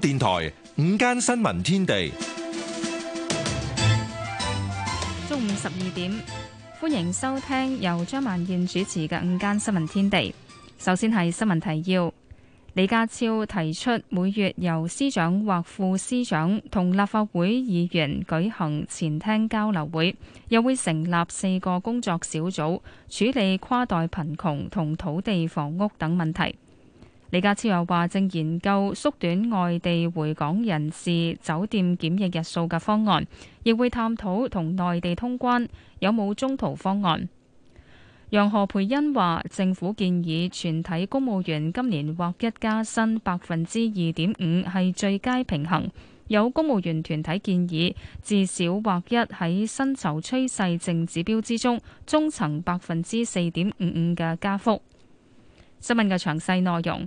電台午間新聞天地，中午十二點，歡迎收聽由張曼燕主持嘅午間新聞天地。首先係新聞提要，李家超提出每月由司長或副司長同立法會議員舉行前廳交流會，又會成立四個工作小組處理跨代貧窮同土地房屋等問題。李家超又話，正研究縮短外地回港人士酒店檢疫日數嘅方案，亦會探討同內地通關有冇中途方案。楊何培恩話，政府建議全體公務員今年獲一加薪百分之二點五係最佳平衡。有公務員團體建議至少獲一喺薪酬趨勢淨指標之中，中層百分之四點五五嘅加幅。新聞嘅詳細內容，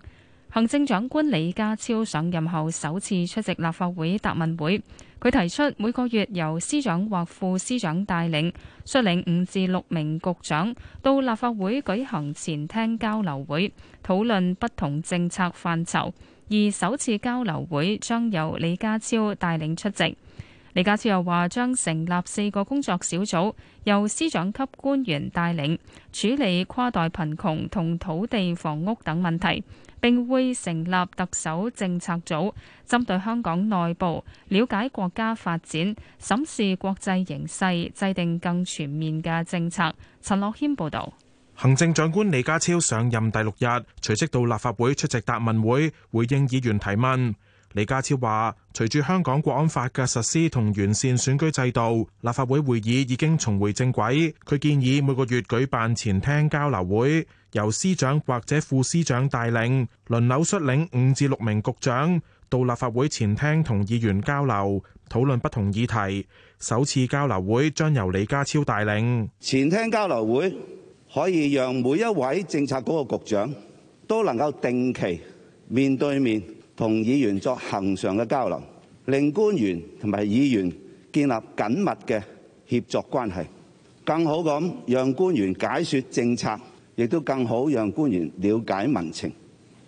行政長官李家超上任後首次出席立法會答問會。佢提出每個月由司長或副司長帶領，率領五至六名局長到立法會舉行前廳交流會，討論不同政策範疇。而首次交流會將由李家超帶領出席。李家超又話將成立四個工作小組，由司長級官員帶領處理跨代貧窮同土地房屋等問題，並會成立特首政策組，針對香港內部，了解國家發展、審視國際形勢，制定更全面嘅政策。陳樂軒報導。行政長官李家超上任第六日，隨即到立法會出席答問會，回應議員提問。李家超話：隨住香港國安法嘅實施同完善選舉制度，立法會會議已經重回正軌。佢建議每個月舉辦前廳交流會，由司長或者副司長帶領，輪流率領五至六名局長到立法會前廳同議員交流，討論不同議題。首次交流會將由李家超帶領。前廳交流會可以讓每一位政策局嘅局長都能夠定期面對面，同議員作恆常嘅交流，令官員同埋議員建立緊密嘅協作關係，更好咁讓官員解説政策，亦都更好讓官員了解民情。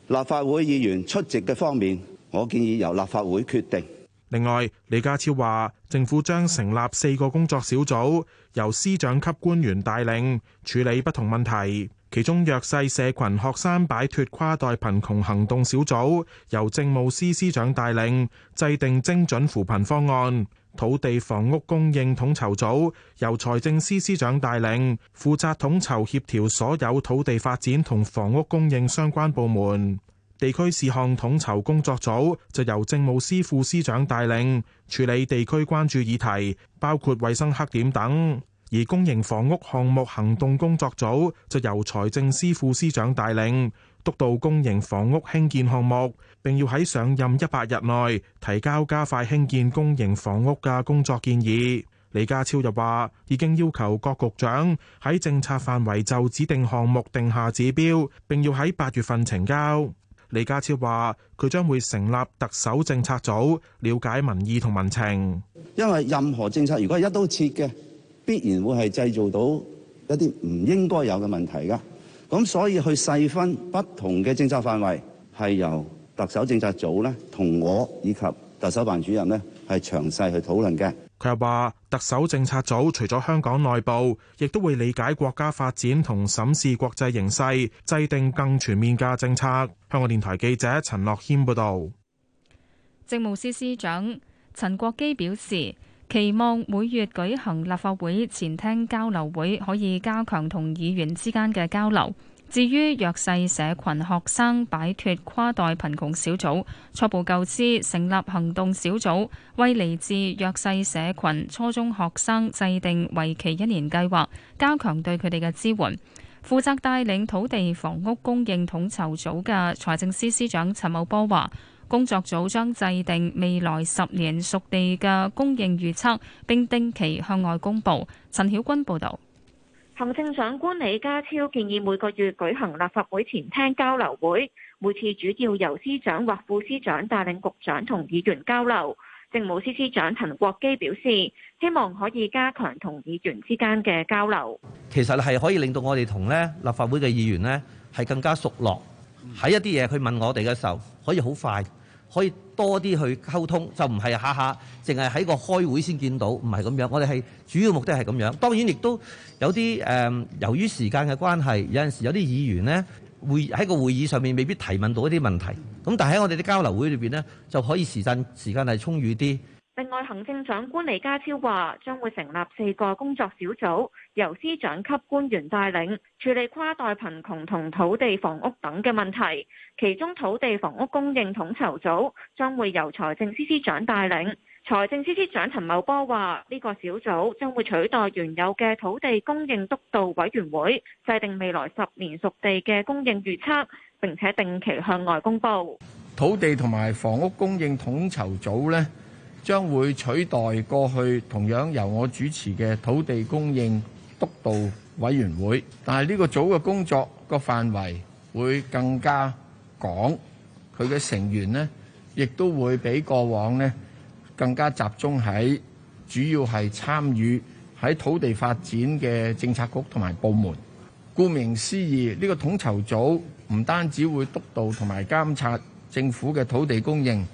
立法會議員出席嘅方面，我建議由立法會決定。另外，李家超話，政府將成立四個工作小組，由司長級官員帶領處理不同問題。其中弱勢社群學生擺脫跨代貧窮行動小組，由政務司司長帶領，制定精準扶貧方案；土地房屋供應統籌組由財政司司長帶領，負責統籌協調所有土地發展同房屋供應相關部門；地區事項統籌工作組就由政務司副司長帶領，處理地區關注議題，包括衛生黑點等。而公營房屋項目行動工作組就由財政司副司長帶領，督導公營房屋興建項目，並要喺上任一百日內提交加快興建公營房屋嘅工作建議。李家超又話，已經要求各局長喺政策範圍就指定項目定下指標，並要喺八月份呈交。李家超話，佢將會成立特首政策組，了解民意同民情。因為任何政策如果係一刀切嘅。必然會係製造到一啲唔應該有嘅問題，噶，咁所以去細分不同嘅政策範圍，係由特首政策組咧同我以及特首辦主任咧係詳細去討論嘅。佢又話特首政策組除咗香港內部，亦都會理解國家發展同審視國際形勢制定更全面嘅政策。香港電台記者陳樂謙報道。政務司司長陳國基表示，期望每月舉行立法會前廳交流會，可以加強同議員之間嘅交流。至於弱勢社群學生擺脱跨代貧窮小組，初步構思成立行動小組，為嚟自弱勢社群初中學生制定為期一年計劃，加強對佢哋嘅支援。負責帶領土地房屋供應統籌組嘅財政司司長陳茂波話。工作組將制定未來十年屬地嘅供應預測，並定期向外公佈。陳曉君報導。行政長官李家超建議每個月舉行立法會前廳交流會，每次主要由司長或副司長帶領局長同議員交流。政務司司長陳國基表示，希望可以加強同議員之間嘅交流。其實係可以令到我哋同呢立法會嘅議員呢係更加熟絡，喺一啲嘢去問我哋嘅時候，可以好快。可以多啲去溝通，就唔係下下淨係喺個開會先見到，唔係咁樣。我哋係主要目的係咁樣。當然亦都有啲誒、呃，由於時間嘅關係，有陣時有啲議員呢會喺個會議上面未必提問到一啲問題。咁但係喺我哋啲交流會裏邊呢，就可以時間時間係充裕啲。另外，行政長官李家超話，將會成立四個工作小組，由司長級官員帶領，處理跨代貧窮同土地、房屋等嘅問題。其中，土地房屋供應統籌組將會由財政司司長帶領。財政司司長陳茂波話，呢個小組將會取代原有嘅土地供應督導委員會，制定未來十年熟地嘅供應預測，並且定期向外公布。土地同埋房屋供應統籌組呢。將會取代過去同樣由我主持嘅土地供應督導委員會，但係呢個組嘅工作個範圍會更加廣，佢嘅成員呢，亦都會比過往呢更加集中喺主要係參與喺土地發展嘅政策局同埋部門。顧名思義，呢個統籌組唔單止會督導同埋監察政府嘅土地供應。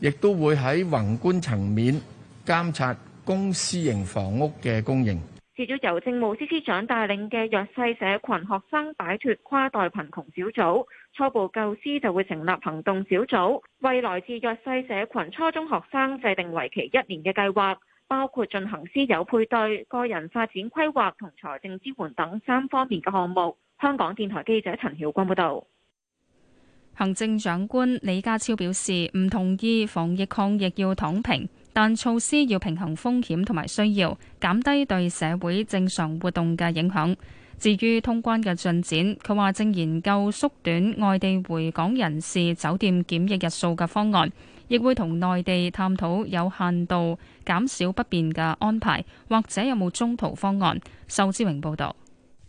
亦都會喺宏觀層面監察公私型房屋嘅供應。市長由政務司司長帶領嘅弱勢社群學生擺脱跨代貧窮小組，初步構思就會成立行動小組，為來自弱勢社群初中學生制定為期一年嘅計劃，包括進行私有配對、個人發展規劃同財政支援等三方面嘅項目。香港電台記者陳曉君報道。行政長官李家超表示唔同意防疫抗疫要躺平，但措施要平衡風險同埋需要，減低對社會正常活動嘅影響。至於通關嘅進展，佢話正研究縮短外地回港人士酒店檢疫日數嘅方案，亦會同內地探討有限度減少不便嘅安排，或者有冇中途方案。仇志榮報道。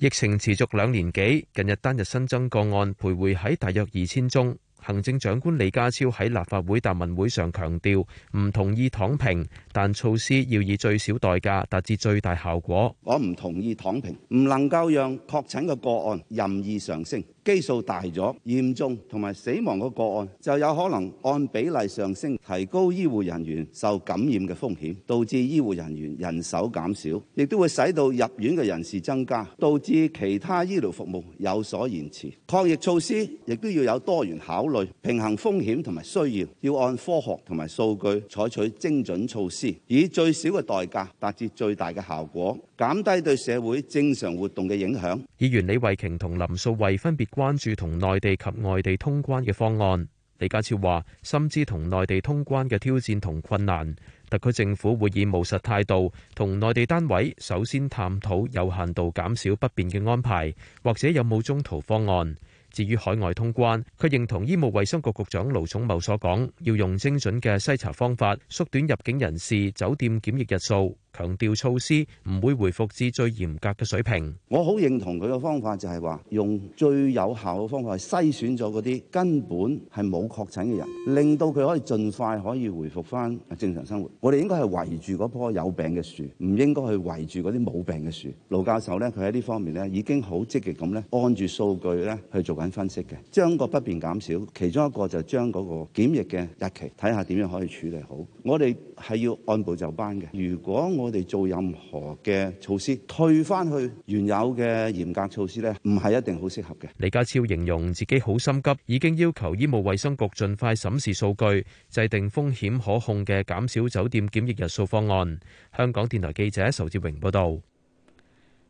疫情持續兩年幾，近日單日新增個案徘徊喺大約二千宗。行政長官李家超喺立法會答問會上強調，唔同意躺平，但措施要以最少代價達至最大效果。我唔同意躺平，唔能夠讓確診嘅個案任意上升。基數大咗，嚴重同埋死亡嘅個案就有可能按比例上升，提高醫護人員受感染嘅風險，導致醫護人員人手減少，亦都會使到入院嘅人士增加，導致其他醫療服務有所延遲。抗疫措施亦都要有多元考慮，平衡風險同埋需要，要按科學同埋數據採取精準措施，以最少嘅代價達至最大嘅效果，減低對社會正常活動嘅影響。議員李慧瓊同林素慧分別。關注同內地及外地通關嘅方案，李家超話深知同內地通關嘅挑戰同困難，特區政府會以務實態度同內地單位首先探討有限度減少不便嘅安排，或者有冇中途方案。至於海外通關，佢認同醫務衛生局局長盧寵茂所講，要用精準嘅篩查方法縮短入境人士酒店檢疫日數。強調措施唔會回復至最嚴格嘅水平。我好認同佢嘅方法就，就係話用最有效嘅方法，係篩選咗嗰啲根本係冇確診嘅人,令到佢可以盡快可以回復翻正常生活。我哋應該係圍住嗰棵有病嘅樹，唔應該去圍住嗰啲冇病嘅樹。盧教授咧，佢喺呢方面咧已經好積極咁咧，按住數據咧去做緊分析嘅，將個不便減少。其中一個就將嗰個檢疫嘅日期，睇下點樣可以處理好。我哋係要按部就班嘅，如果我哋做任何嘅措施，退翻去原有嘅嚴格措施咧，唔係一定好適合嘅。李家超形容自己好心急，已經要求醫務衛生局盡快審視數據，制定風險可控嘅減少酒店檢疫日數方案。香港電台記者仇志榮報導。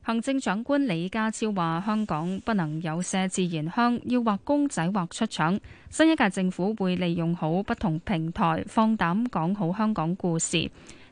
行政長官李家超話：香港不能有麝自然香，要畫公仔畫出腸。新一屆政府會利用好不同平台，放膽講好香港故事。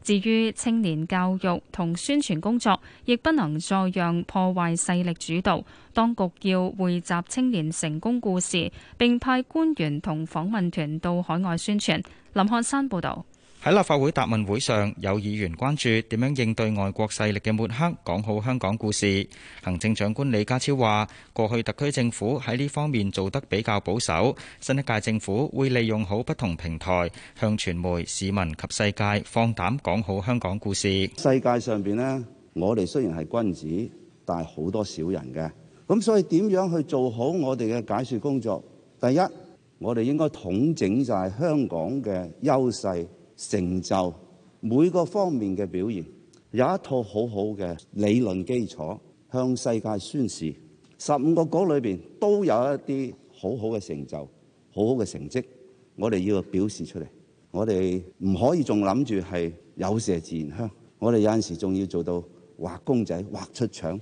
至於青年教育同宣傳工作，亦不能再讓破壞勢力主導。當局要匯集青年成功故事，並派官員同訪問團到海外宣傳。林漢山報導。喺立法會答問會上，有議員關注點樣應對外國勢力嘅抹黑，講好香港故事。行政長官李家超話，過去特區政府喺呢方面做得比較保守，新一屆政府會利用好不同平台，向傳媒、市民及世界放膽講好香港故事。世界上邊呢，我哋雖然係君子，但係好多小人嘅，咁所以點樣去做好我哋嘅解説工作？第一，我哋應該統整晒香港嘅優勢。成就每個方面嘅表現，有一套好好嘅理論基礎，向世界宣示。十五個國裏邊都有一啲好好嘅成就、好好嘅成績，我哋要表示出嚟。我哋唔可以仲諗住係有麝自然香，我哋有陣時仲要做到畫公仔畫出腸，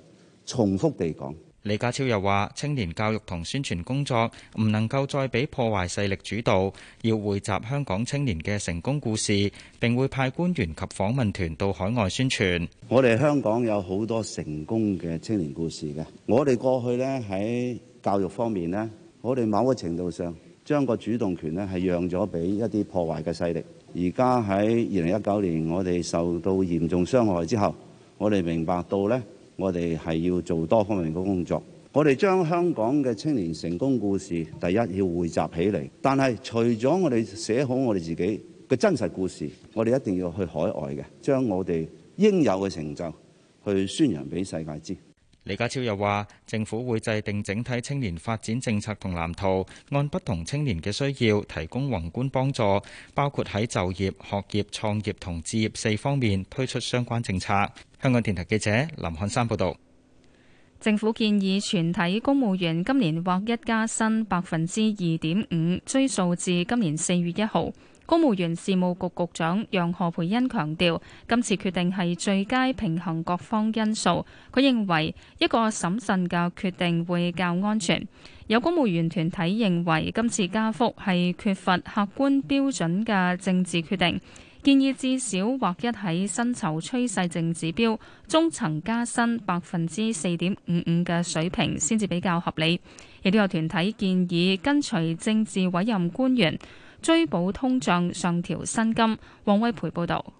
重複地講。李家超又話：青年教育同宣傳工作唔能夠再俾破壞勢力主導，要匯集香港青年嘅成功故事，並會派官員及訪問團到海外宣傳。我哋香港有好多成功嘅青年故事嘅。我哋過去呢喺教育方面呢，我哋某個程度上將個主動權呢係讓咗俾一啲破壞嘅勢力。而家喺二零一九年，我哋受到嚴重傷害之後，我哋明白到呢。我哋係要做多方面嘅工作。我哋將香港嘅青年成功故事，第一要匯集起嚟。但係除咗我哋寫好我哋自己嘅真實故事，我哋一定要去海外嘅，將我哋應有嘅成就去宣揚俾世界知。李家超又話，政府會制定整體青年發展政策同藍圖，按不同青年嘅需要提供宏觀幫助，包括喺就業、學業、創業同置業四方面推出相關政策。香港電台記者林漢山報道，政府建議全體公務員今年劃一加薪百分之二點五，追溯至今年四月一號。公務員事務局局，局長楊何蓓茵強調，今次決定係最佳平衡各方因素。佢認為一個審慎嘅決定會較安全。有公務員團體認為今次加幅係缺乏客觀標準嘅政治決定。建議至少劃一喺薪酬趨勢淨指標中層加薪百分之四點五五嘅水平先至比較合理。亦都有團體建議跟隨政治委任官員追補通脹上調薪金。王威培報導。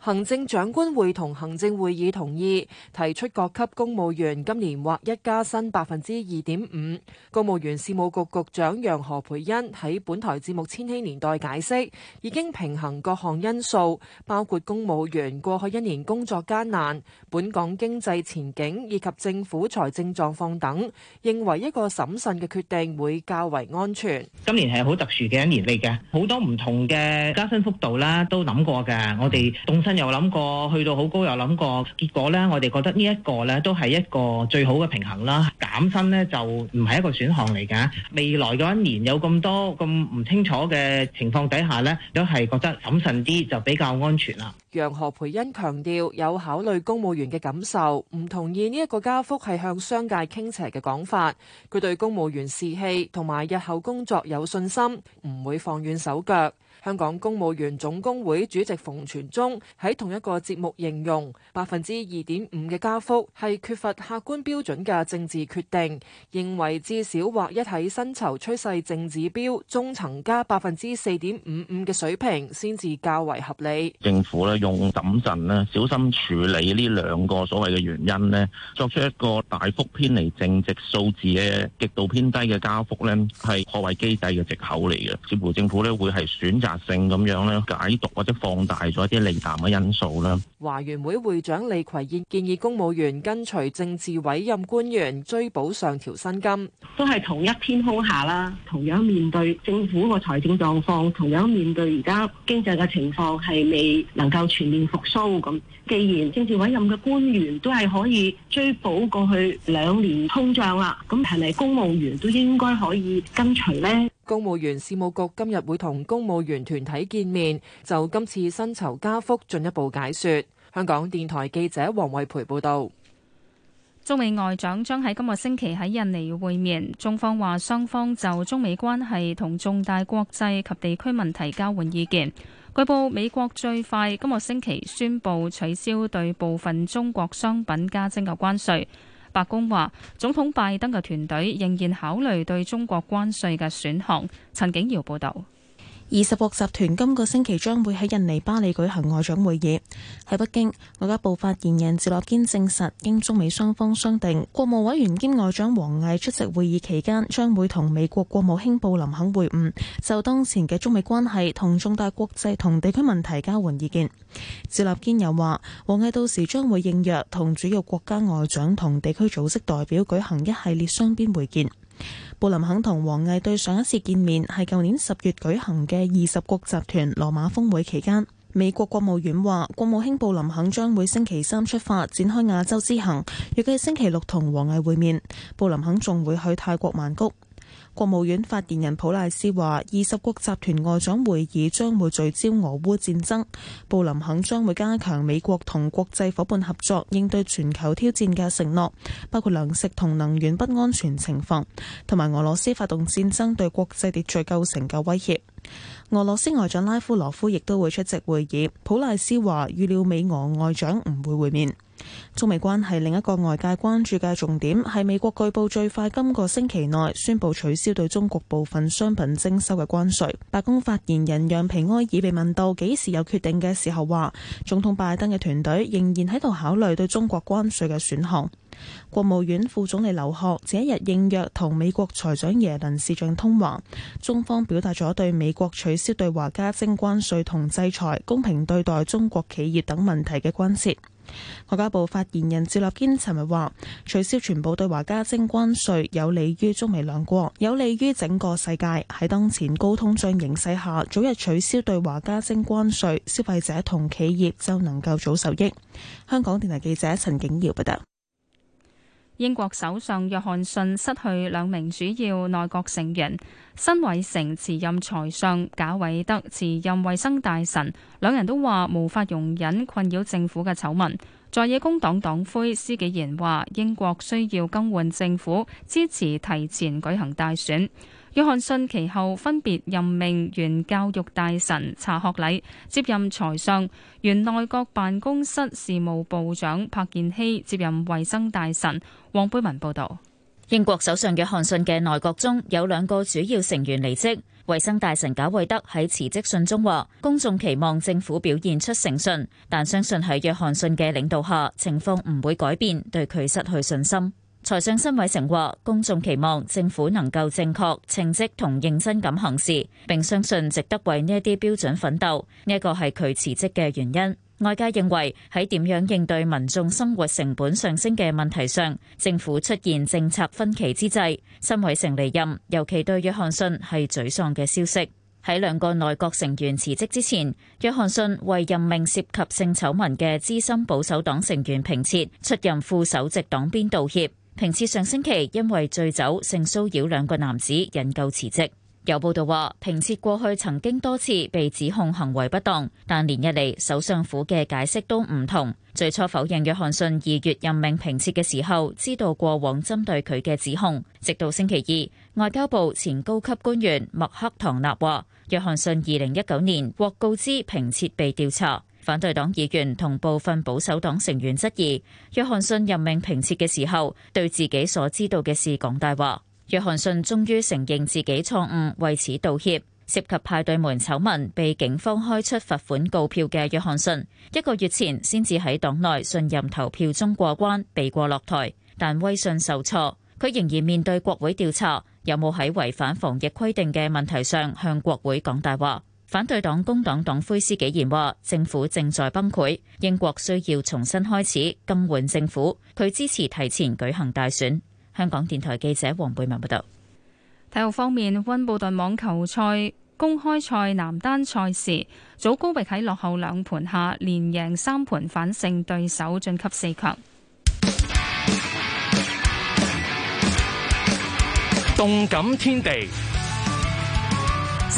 行政長官會同行政會議同意提出各級公務員今年獲劃一加薪百分之二點五。公務員事務局局長楊何培恩喺本台節目《千禧年代》解釋，已經平衡各項因素，包括公務員過去一年工作艱難、本港經濟前景以及政府財政狀況等，認為一個審慎嘅決定會較為安全。今年係好特殊嘅一年嚟嘅，好多唔同嘅加薪幅度啦，都諗過㗎。我哋動又諗過去到好高，又諗過，結果咧，我哋覺得呢一個咧都係一個最好嘅平衡啦。減薪咧就唔係一個選項嚟噶。未來嗰一年有咁多咁唔清楚嘅情況底下咧，都係覺得審慎啲就比較安全啦。楊何培恩強調有考慮公務員嘅感受，唔同意呢一個加幅係向商界傾斜嘅講法。佢對公務員士氣同埋日後工作有信心，唔會放軟手腳。香港公務員總工會主席馮傳宗喺同一個節目形容，百分之二點五嘅加幅係缺乏客觀標準嘅政治決定，認為至少或一體薪酬趨勢淨指標中，中層加百分之四點五五嘅水平先至較為合理。政府呢。用審慎啦，小心處理呢兩個所謂嘅原因呢，作出一個大幅偏離正值數字嘅極度偏低嘅加幅呢係破壞機制嘅借口嚟嘅。似乎政府咧會係選擇性咁樣咧解讀或者放大咗一啲利淡嘅因素啦。華員會會長李葵燕建議公務員跟隨政治委任官員追補上調薪金，都係同一天空下啦，同樣面對政府個財政狀況，同樣面對而家經濟嘅情況係未能夠。全面復甦。咁，既然政治委任嘅官員都係可以追補過去兩年通脹啦，咁係咪公務員都應該可以跟隨咧？公務員事務局今日會同公務員團體見面，就今次薪酬加幅進一步解說。香港電台記者黃慧培報道。中美外長將喺今個星期喺印尼會面，中方話雙方就中美關係同重大國際及地區問題交換意見。據報，美國最快今個星期宣布取消對部分中國商品加徵嘅關稅。白宮話，總統拜登嘅團隊仍然考慮對中國關稅嘅選項。陳景堯報道。二十國集團今個星期將會喺印尼巴釐舉行外長會議。喺北京，外交部發言人趙立堅證實，經中美雙方商定，國務委員兼外長王毅出席會議期間，將會同美國國務卿布林肯會晤，就當前嘅中美關係同重大國際同地區問題交換意見。趙立堅又話，王毅到時將會應約同主要國家外長同地區組織代表舉行一系列雙邊會見。布林肯同王毅對上一次見面係舊年十月舉行嘅二十國集團羅馬峰會期間。美國國務院話，國務卿布林肯將會星期三出發，展開亞洲之行，預計星期六同王毅會面。布林肯仲會去泰國曼谷。國務院發言人普賴斯話：二十國集團外長會議將會聚焦俄烏戰爭，布林肯將會加強美國同國際夥伴合作，應對全球挑戰嘅承諾，包括糧食同能源不安全情況，同埋俄羅斯發動戰爭對國際秩序構成嘅威脅。俄羅斯外長拉夫羅夫亦都會出席會議。普賴斯話，預料美俄外長唔會會面。中美關係另一個外界關注嘅重點係美國據報最快今個星期內宣布取消對中國部分商品徵收嘅關稅。白宮發言人讓皮埃爾被問到幾時有決定嘅時候，話總統拜登嘅團隊仍然喺度考慮對中國關稅嘅選項。國務院副總理劉鶴這一日應約同美國財長耶倫視像通話，中方表達咗對美國取消對華加徵關稅同制裁、公平對待中國企業等問題嘅關切。外交部發言人趙立堅尋日話：取消全部對華加徵關稅有利於中美兩國，有利於整個世界。喺當前高通脹形勢下，早日取消對華加徵關稅，消費者同企業就能夠早受益。香港電台記者陳景瑤報道。英國首相約翰遜失去兩名主要內閣成員，辛偉誠辭任財相，賈偉德辭任衛生大臣，兩人都話無法容忍困擾政府嘅醜聞。在野工黨黨魁施紀賢話：英國需要更換政府，支持提前舉行大選。約翰遜其後分別任命原教育大臣查學禮接任財相，原內閣辦公室事務部長柏健熙接任衛生大臣。黃貝文報道，英國首相約翰遜嘅內閣中有兩個主要成員離職，衛生大臣賈維德喺辭職信中話：公眾期望政府表現出誠信，但相信喺約翰遜嘅領導下，情況唔會改變，對佢失去信心。財相辛偉誠話：公眾期望政府能夠正確稱職同認真咁行事，並相信值得為呢一啲標準奮鬥。呢一個係佢辭職嘅原因。外界認為喺點樣應對民眾生活成本上升嘅問題上，政府出現政策分歧之際，辛偉誠離任，尤其對約翰遜係沮喪嘅消息。喺兩個內閣成員辭職之前，約翰遜為任命涉及性醜聞嘅資深保守黨成員平撤出任副首席黨鞭道歉。平切上星期因為醉酒性騷擾兩個男子引咎辭職。有報道話，平切過去曾經多次被指控行為不當，但連日嚟首相府嘅解釋都唔同。最初否認約翰遜二月任命平切嘅時候，知道過往針對佢嘅指控。直到星期二，外交部前高級官員麥克唐納話，約翰遜二零一九年獲告知平切被調查。反對黨議員同部分保守黨成員質疑約翰遜任命評決嘅時候，對自己所知道嘅事講大話。約翰遜終於承認自己錯誤，為此道歉。涉及派對門醜聞，被警方開出罰款告票嘅約翰遜，一個月前先至喺黨內信任投票中過關，避過落台。但威信受挫，佢仍然面對國會調查，有冇喺違反防疫規定嘅問題上向國會講大話？反對黨工黨黨魁施紀賢話政府正在崩潰，英國需要重新開始，更換政府。佢支持提前舉行大選。香港電台記者黃貝文報道。體育方面，溫布頓網球賽公開賽男單賽事，祖高域喺落後兩盤下，連贏三盤反勝對手晉級四強。動感天地。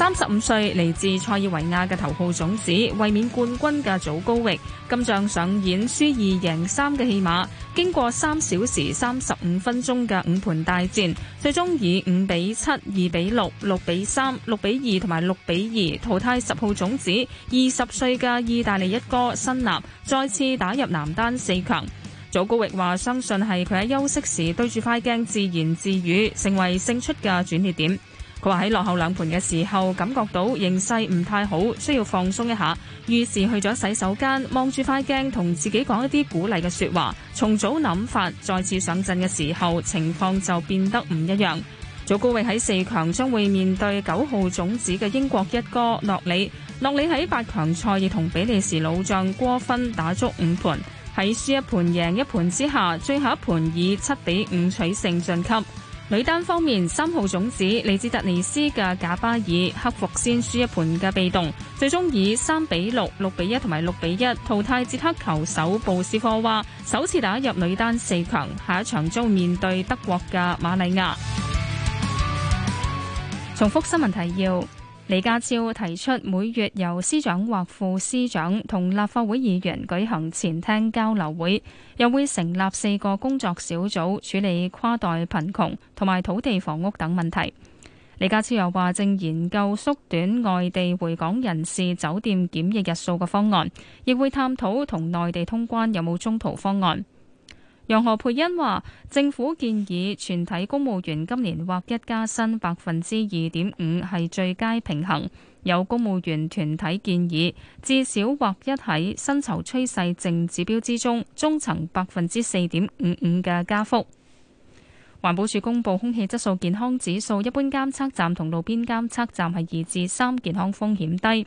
三十五歲嚟自塞爾維亞嘅頭號種子、衛冕冠軍嘅祖高域今仗上演輸二贏三嘅戲碼，經過三小時三十五分鐘嘅五盤大戰，最終以五比七、二比六、六比三、六比二同埋六比二淘汰十號種子二十歲嘅意大利一哥辛納，再次打入男單四強。祖高域話：相信係佢喺休息時對住塊鏡自言自語，成為勝出嘅轉捩點。佢話喺落後兩盤嘅時候，感覺到形勢唔太好，需要放鬆一下，於是去咗洗手間，望住塊鏡，同自己講一啲鼓勵嘅説話。重組諗法，再次上陣嘅時候，情況就變得唔一樣。祖高域喺四強將會面對九號種子嘅英國一哥諾里。諾里喺八強賽亦同比利時老將郭芬打足五盤，喺輸一盤贏一盤之下，最後一盤以七比五取勝進級。女單方面，三號種子嚟自突尼斯嘅賈巴爾克服先輸一盤嘅被動，最終以三比六、六比一、同埋六比一淘汰捷克球手布斯科娃，話首次打入女單四強，下一場將面對德國嘅瑪利亞。重複新聞提要。李家超提出每月由司長或副司長同立法會議員舉行前廳交流會，又會成立四個工作小組處理跨代貧窮同埋土地房屋等問題。李家超又話正研究縮短外地回港人士酒店檢疫日數嘅方案，亦會探討同內地通關有冇中途方案。楊何蓓茵話：政府建議全體公務員今年獲一加薪百分之二點五係最佳平衡。有公務員團體建議至少獲一喺薪酬趨勢淨指標之中中層百分之四點五五嘅加幅。環保署公布空氣質素健康指數，一般監測站同路邊監測站係二至三，健康風險低，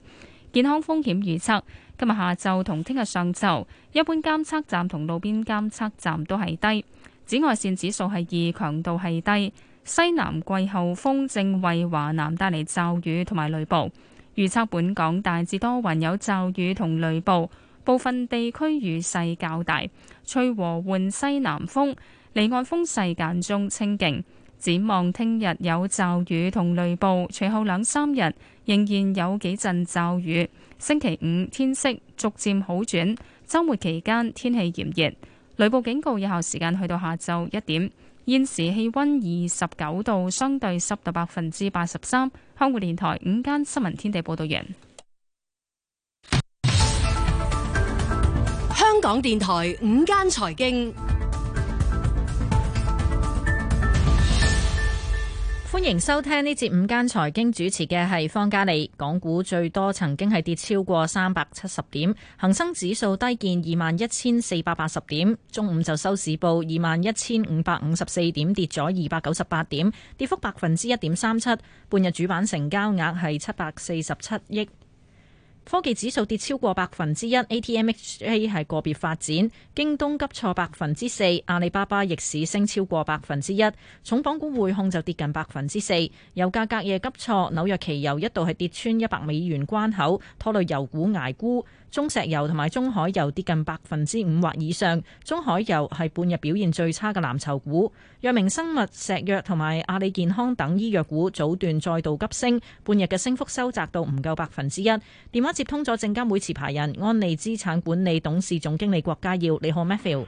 健康風險預測。今日下晝同聽日上晝，一般監測站同路邊監測站都係低。紫外線指數係二，強度係低。西南季候風正為華南帶嚟驟雨同埋雷暴。預測本港大致多雲，有驟雨同雷暴，部分地區雨勢較大。吹和緩西南風，離岸風勢間中清勁。展望聽日有驟雨同雷暴，隨後兩三日仍然有幾陣驟雨。星期五天色逐漸好轉，周末期間天氣炎熱，雷暴警告有效時間去到下晝一點，現時氣溫二十九度，相對濕度百分之八十三。香港電台午間新聞天地報道完。香港電台午間財經。歡迎收聽呢節午間財經，主持嘅係方嘉利。港股最多曾經係跌超過三百七十點，恒生指數低見二萬一千四百八十點，中午就收市報二萬一千五百五十四點，跌咗二百九十八點，跌幅百分之一點三七。半日主板成交額係七百四十七億。科技指數跌超過百分之一 ATMHA 係個別發展，京東急挫百分之四，阿里巴巴逆市升超過百分之一，重磅股匯控就跌近百分之四，油價隔夜急挫，紐約期油一度係跌穿一百美元關口，拖累油股捱沽，中石油同埋中海油跌近百分之五或以上，中海油係半日表現最差嘅藍籌股，藥明生物、石藥同埋阿里健康等醫藥股早段再度急升，半日嘅升幅收窄到唔夠百分之一，電話。接通咗證監會持牌人安利資產管理董事總經理郭家耀，你好 Matthew。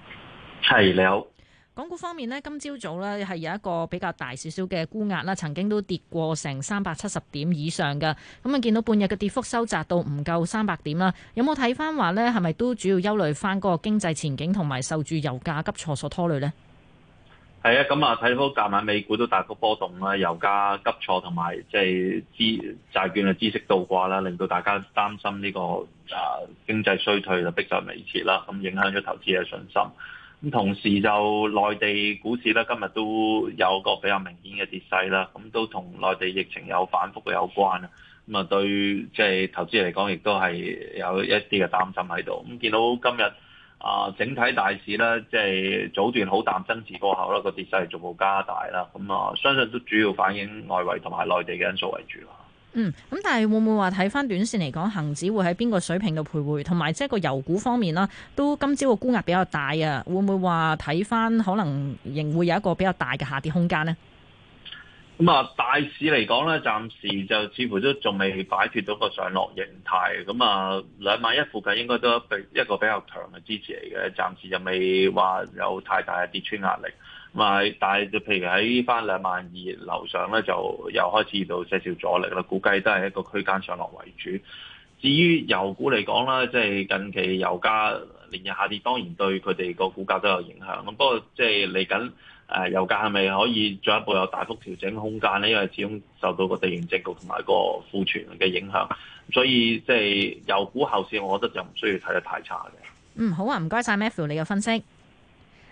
係，你好。港股方面咧，今朝早咧係有一個比較大少少嘅沽壓啦，曾經都跌過成三百七十點以上㗎，咁啊見到半日嘅跌幅收窄到唔夠三百點啦。有冇睇翻話呢？係咪都主要憂慮翻嗰個經濟前景同埋受住油價急挫所拖累呢？係啊，咁啊睇到昨晚美股都大幅波動啦，油價急挫同埋即係資債券嘅孳息倒掛啦，令到大家擔心呢、這個啊經濟衰退就迫在眉睫啦，咁、嗯、影響咗投資嘅信心。咁、嗯、同時就內地股市咧，今日都有個比較明顯嘅跌勢啦，咁、嗯、都同內地疫情有反覆有關啊。咁、嗯、啊，對即係、就是、投資人嚟講，亦都係有一啲嘅擔心喺度。咁、嗯、見到今日。啊，整體大市咧，即係早段好淡，增持過後啦，個跌勢逐步加大啦。咁啊，相信都主要反映外圍同埋內地嘅因素為主咯。嗯，咁但係會唔會話睇翻短線嚟講，恒指會喺邊個水平度徘徊？同埋即係個油股方面啦，都今朝嘅沽壓比較大啊，會唔會話睇翻可能仍會有一個比較大嘅下跌空間呢？咁啊，大市嚟講咧，暫時就似乎都仲未擺脫到個上落形態嘅。咁啊，兩萬一附近應該都一比一個比較強嘅支持嚟嘅，暫時又未話有太大嘅跌穿壓力。咁啊，但係就譬如喺翻兩萬二樓上咧，就又開始到些少阻力啦。估計都係一個區間上落為主。至於油股嚟講啦，即係近期油價連日下跌，當然對佢哋個股價都有影響。咁不過即係嚟緊。誒，油價係咪可以進一步有大幅調整空間呢？因為始終受到個地緣政局同埋個庫存嘅影響，所以即係油股後市，我覺得就唔需要睇得太差嘅。嗯，好啊，唔該晒 Matthew 你嘅分析。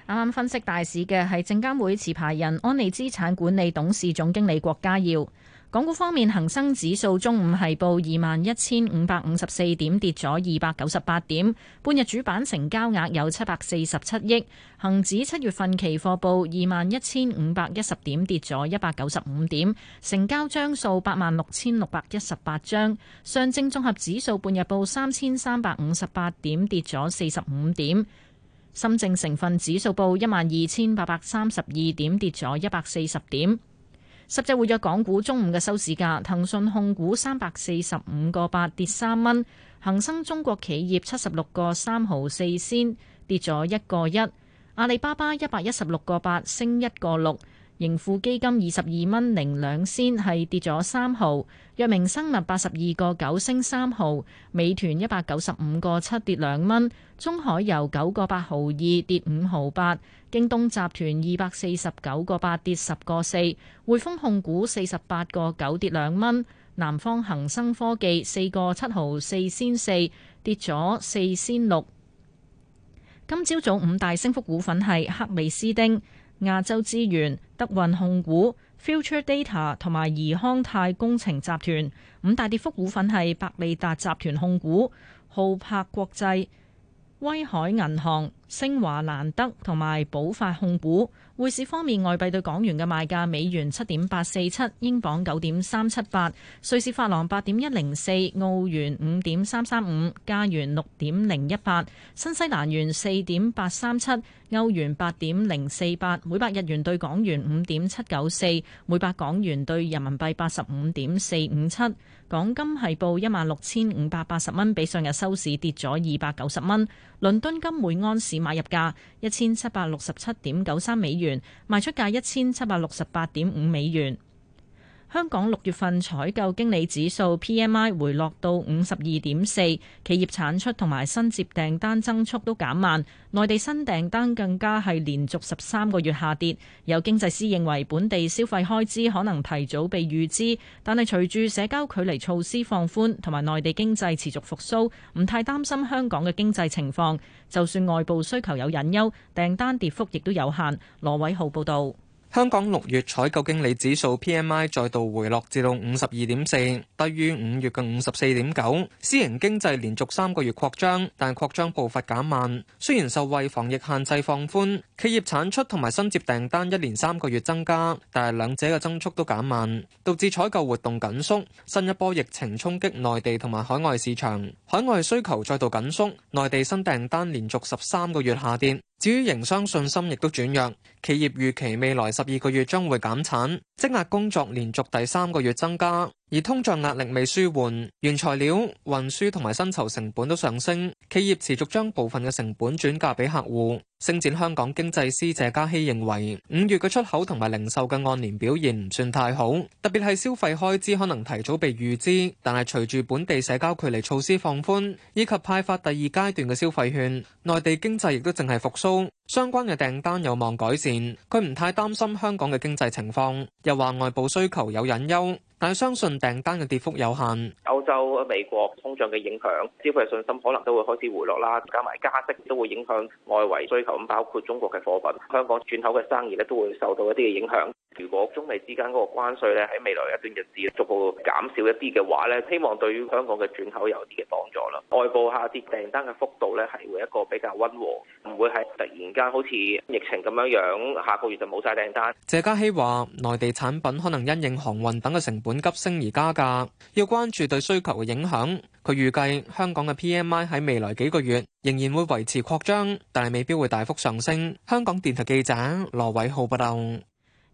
啱啱分析大市嘅係證監會持牌人安利資產管理董事總經理郭家耀。港股方面，恒生指數中午係報二萬一千五百五十四點，跌咗二百九十八點。半日主板成交額有七百四十七億。恒指七月份期貨報二萬一千五百一十點，跌咗一百九十五點，成交張數八萬六千六百一十八張。上證綜合指數半日報三千三百五十八點，跌咗四十五點。深證成分指數報一萬二千八百三十二點，跌咗一百四十點。十際匯約港股中午嘅收市價，騰訊控股三百四十五個八跌三蚊，恒生中國企業七十六個三毫四仙跌咗一個一，阿里巴巴一百一十六個八升一個六。盈富基金二十二蚊零兩仙係跌咗三毫，藥明生物八十二個九升三毫，美團一百九十五個七跌兩蚊，中海油九個八毫二跌五毫八，京東集團二百四十九個八跌十個四，匯豐控股四十八個九跌兩蚊，南方恒生科技四個七毫四仙四跌咗四仙六。今朝早五大升幅股份係克美斯丁。亞洲資源、德運控股、Future Data 同埋怡康泰工程集團。五大跌幅股份係百利達集團控股、浩柏國際、威海銀行、星華蘭德同埋寶發控股。匯市方面，外幣對港元嘅賣價：美元七點八四七，英鎊九點三七八，瑞士法郎八點一零四，澳元五點三三五，加元六點零一八，新西蘭元四點八三七。歐元八點零四八，每百日元對港元五點七九四，每百港元對人民幣八十五點四五七。港金係報一萬六千五百八十蚊，比上日收市跌咗二百九十蚊。倫敦金每安士買入價一千七百六十七點九三美元，賣出價一千七百六十八點五美元。香港六月份採購經理指數 PMI 回落到五十二點四，企業產出同埋新接訂單增速都減慢。內地新訂單更加係連續十三個月下跌。有經濟師認為，本地消費開支可能提早被預支，但係隨住社交距離措施放寬同埋內地經濟持續復甦，唔太擔心香港嘅經濟情況。就算外部需求有隱憂，訂單跌幅亦都有限。羅偉浩報導。香港六月採購經理指數 PMI 再度回落至到五十二點四，低於五月嘅五十四點九。私營經濟連續三個月擴張，但擴張步伐減慢。雖然受惠防疫限制放寬，企業產出同埋新接訂單一連三個月增加，但係兩者嘅增速都減慢，導致採購活動緊縮。新一波疫情衝擊內地同埋海外市場，海外需求再度緊縮，內地新訂單連續十三個月下跌。至於營商信心亦都轉弱。企業預期未來十二個月將會減產，積壓工作連續第三個月增加，而通脹壓力未舒緩，原材料運輸同埋薪酬成本都上升，企業持續將部分嘅成本轉嫁俾客戶。星展香港經濟師謝嘉熙認為，五月嘅出口同埋零售嘅按年表現唔算太好，特別係消費開支可能提早被預支，但係隨住本地社交距離措施放寬，以及派發第二階段嘅消費券，內地經濟亦都淨係復蘇，相關嘅訂單有望改善。佢唔太擔心香港嘅經濟情況，又話外部需求有隱憂。但係相信訂單嘅跌幅有限。歐洲、美國通脹嘅影響，消費信心可能都會開始回落啦。加埋加息都會影響外圍需求，咁包括中國嘅貨品，香港轉口嘅生意咧都會受到一啲嘅影響。如果中美之間嗰個關稅咧喺未來一段日子逐步減少一啲嘅話咧，希望對於香港嘅轉口有啲嘅幫助啦。外部下跌訂單嘅幅度咧係會一個比較溫和，唔會係突然間好似疫情咁樣樣，下個月就冇晒訂單。謝家希話：內地產品可能因應航運等嘅成本。緊急升而加價，要關注對需求嘅影響。佢預計香港嘅 PMI 喺未來幾個月仍然會維持擴張，但係未必會大幅上升。香港電台記者羅偉浩報道。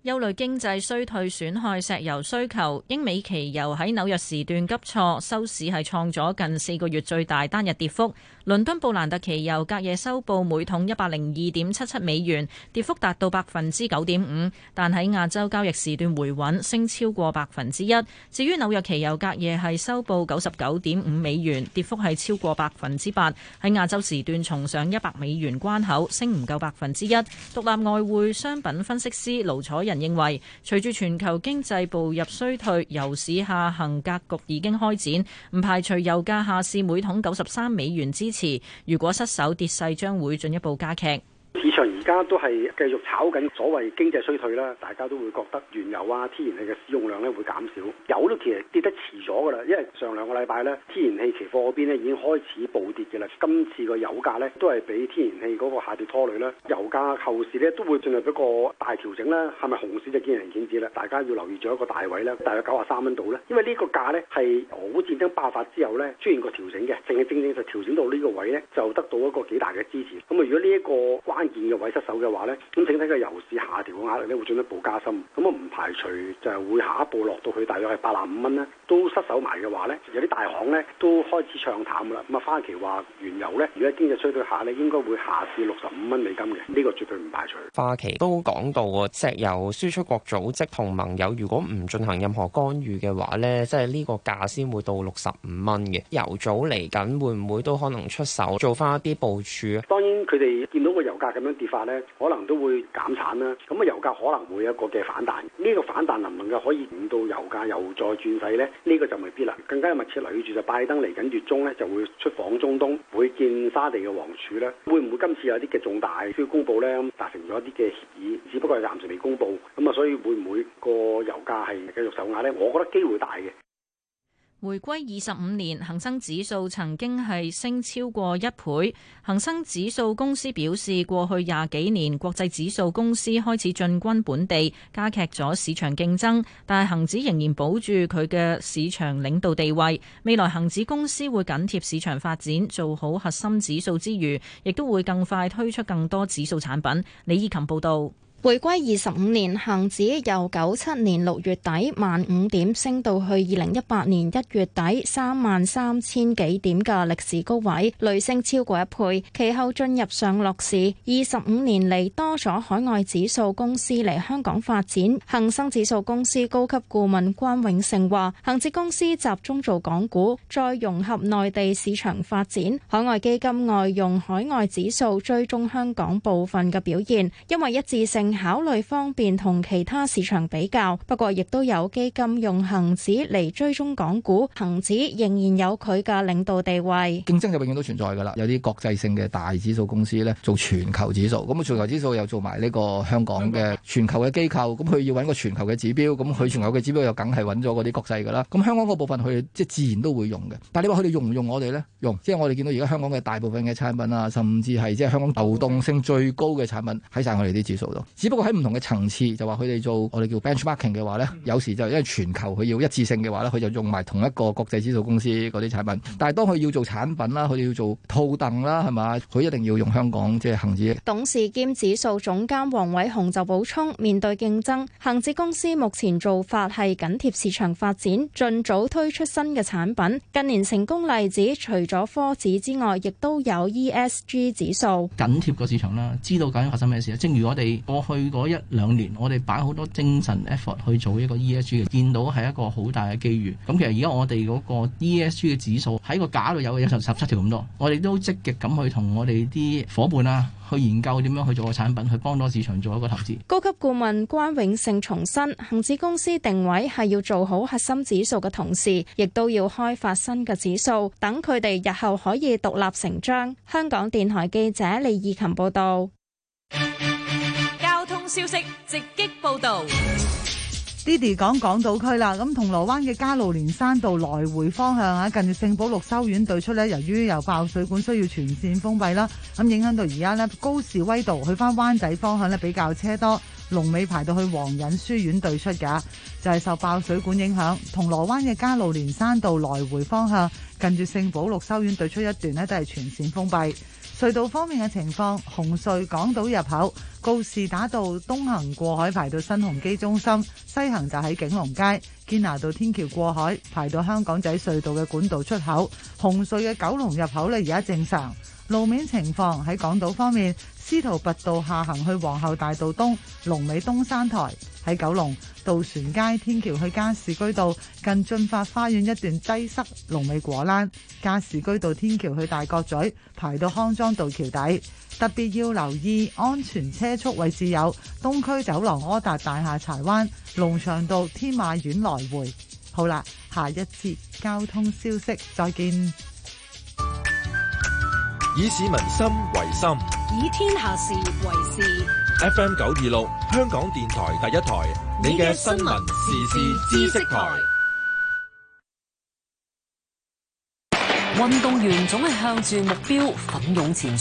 憂慮經濟衰退損害石油需求，英美期油喺紐約時段急挫，收市係創咗近四個月最大單日跌幅。倫敦布蘭特期油隔夜收報每桶一百零二點七七美元，跌幅達到百分之九點五。但喺亞洲交易時段回穩，升超過百分之一。至於紐約期油隔夜係收報九十九點五美元，跌幅係超過百分之八。喺亞洲時段重上一百美元關口，升唔夠百分之一。獨立外匯商品分析師盧彩人認為，隨住全球經濟步入衰退，油市下行格局已經開展，唔排除油價下試每桶九十三美元支持。如果失守跌勢，將會進一步加劇。市場而家都係繼續炒緊所謂經濟衰退啦，大家都會覺得原油啊、天然氣嘅使用量咧會減少。油都其實跌得遲咗噶啦，因為上兩個禮拜咧天然氣期貨嗰邊咧已經開始暴跌嘅啦。今次個油價咧都係俾天然氣嗰個下跌拖累啦。油價後市咧都會進入一個大調整啦，係咪熊市就見仁見智啦。大家要留意咗一個大位啦，大約九啊三蚊度咧，因為呢個價咧係俄烏戰爭爆發之後咧出現個調整嘅，淨係正正就調整到呢個位咧就得到一個幾大嘅支持。咁啊如果呢一個關鍵嘅位失守嘅話咧，咁整體嘅油市下調嘅壓力咧會進一步加深，咁啊唔排除就係會下一步落到去大約係八十五蚊咧，都失守埋嘅話咧，有啲大行咧都開始唱淡啦。咁啊花旗話原油咧，如果喺經濟衰退下咧，應該會下至六十五蚊美金嘅，呢個絕對唔排除。花旗都講到石油輸出國組織同盟友如果唔進行任何干預嘅話咧，即係呢個價先會到六十五蚊嘅。油組嚟緊會唔會都可能出手做翻一啲部署？當然佢哋。價咁樣跌法咧，可能都會減產啦。咁啊，油價可能會有一個嘅反彈。呢個反彈能唔能夠可以令到油價又再轉勢咧？呢個就未必啦。更加密切留意住就拜登嚟緊月中咧就會出訪中東，會見沙地嘅王儲啦。會唔會今次有啲嘅重大需要公佈咧？達成咗一啲嘅協議，只不過暫時未公佈。咁啊，所以會唔會個油價係繼續受壓咧？我覺得機會大嘅。回歸二十五年，恒生指數曾經係升超過一倍。恒生指數公司表示，過去廿幾年，國際指數公司開始進軍本地，加劇咗市場競爭。但係恒指仍然保住佢嘅市場領導地位。未來恒指公司會緊貼市場發展，做好核心指數之餘，亦都會更快推出更多指數產品。李以琴報道。回歸二十五年，恒指由九七年六月底萬五點升到去二零一八年一月底三萬三千幾點嘅歷史高位，累升超過一倍。其後進入上落市，二十五年嚟多咗海外指數公司嚟香港發展。恒生指數公司高級顧問關永盛話：恒指公司集中做港股，再融合內地市場發展。海外基金外用海外指數追蹤香港部分嘅表現，因為一致性。考慮方便同其他市場比較，不過亦都有基金用恒指嚟追蹤港股，恒指仍然有佢嘅領導地位。競爭就永遠都存在噶啦，有啲國際性嘅大指數公司咧做全球指數，咁啊全球指數又做埋呢個香港嘅全球嘅機構，咁佢要揾個全球嘅指標，咁佢全球嘅指標又梗係揾咗嗰啲國際噶啦，咁香港嗰部分佢即係自然都會用嘅。但係你話佢哋用唔用我哋咧？用，即係我哋見到而家香港嘅大部分嘅產品啊，甚至係即係香港流動性最高嘅產品喺晒我哋啲指數度。只不過喺唔同嘅層次，就話佢哋做我哋叫 benchmarking 嘅話呢，有時就因為全球佢要一致性嘅話呢，佢就用埋同一個國際指數公司嗰啲產品。但係當佢要做產品啦，佢哋要做套凳啦，係咪？佢一定要用香港即係恒指。董事兼指數總監黃偉雄就補充：面對競爭，恒指公司目前做法係緊貼市場發展，儘早推出新嘅產品。近年成功例子除咗科指之外，亦都有 ESG 指數。緊貼個市場啦，知道究竟發生咩事啊？正如我哋去嗰一兩年，我哋擺好多精神 effort 去做一個 E S G，見到係一個好大嘅機遇。咁其實而家我哋嗰個 E S G 嘅指數喺個架度有，有十十七條咁多。我哋都積極咁去同我哋啲伙伴啊去研究點樣去做個產品，去幫到市場做一個投資。高級顧問關永勝重申，恒指公司定位係要做好核心指數嘅同時，亦都要開發新嘅指數，等佢哋日後可以獨立成章。香港電台記者李義琴報道。消息直擊報道，Diddy 講港島區啦，咁銅鑼灣嘅加路連山道來回方向啊，近住聖保禄修院對出咧，由於由爆水管需要全線封閉啦，咁影響到而家咧高士威道去翻灣仔方向咧比較車多，龍尾排到去皇仁書院對出噶，就係受爆水管影響，銅鑼灣嘅加路連山道來回方向近住聖保禄修院對出一段咧都係全線封閉。隧道方面嘅情況，紅隧港島入口告士打道東行過海排到新鴻基中心，西行就喺景隆街、堅拿道天橋過海排到香港仔隧道嘅管道出口。紅隧嘅九龍入口咧，而家正常路面情況。喺港島方面，司徒拔道下行去皇后大道東，龍尾東山台。喺九龍渡船街天橋去加士居道近駿發花園一段擠塞，龍尾果欄，加士居道天橋去大角咀排到康莊道橋底。特別要留意安全車速位置有東區走廊柯達大廈、柴灣龍翔道天馬苑來回。好啦，下一節交通消息再見，以市民心為心。以天下事為事。FM 九二六，香港電台第一台，你嘅新聞時事時知識台。運動員總係向住目標奮勇前進。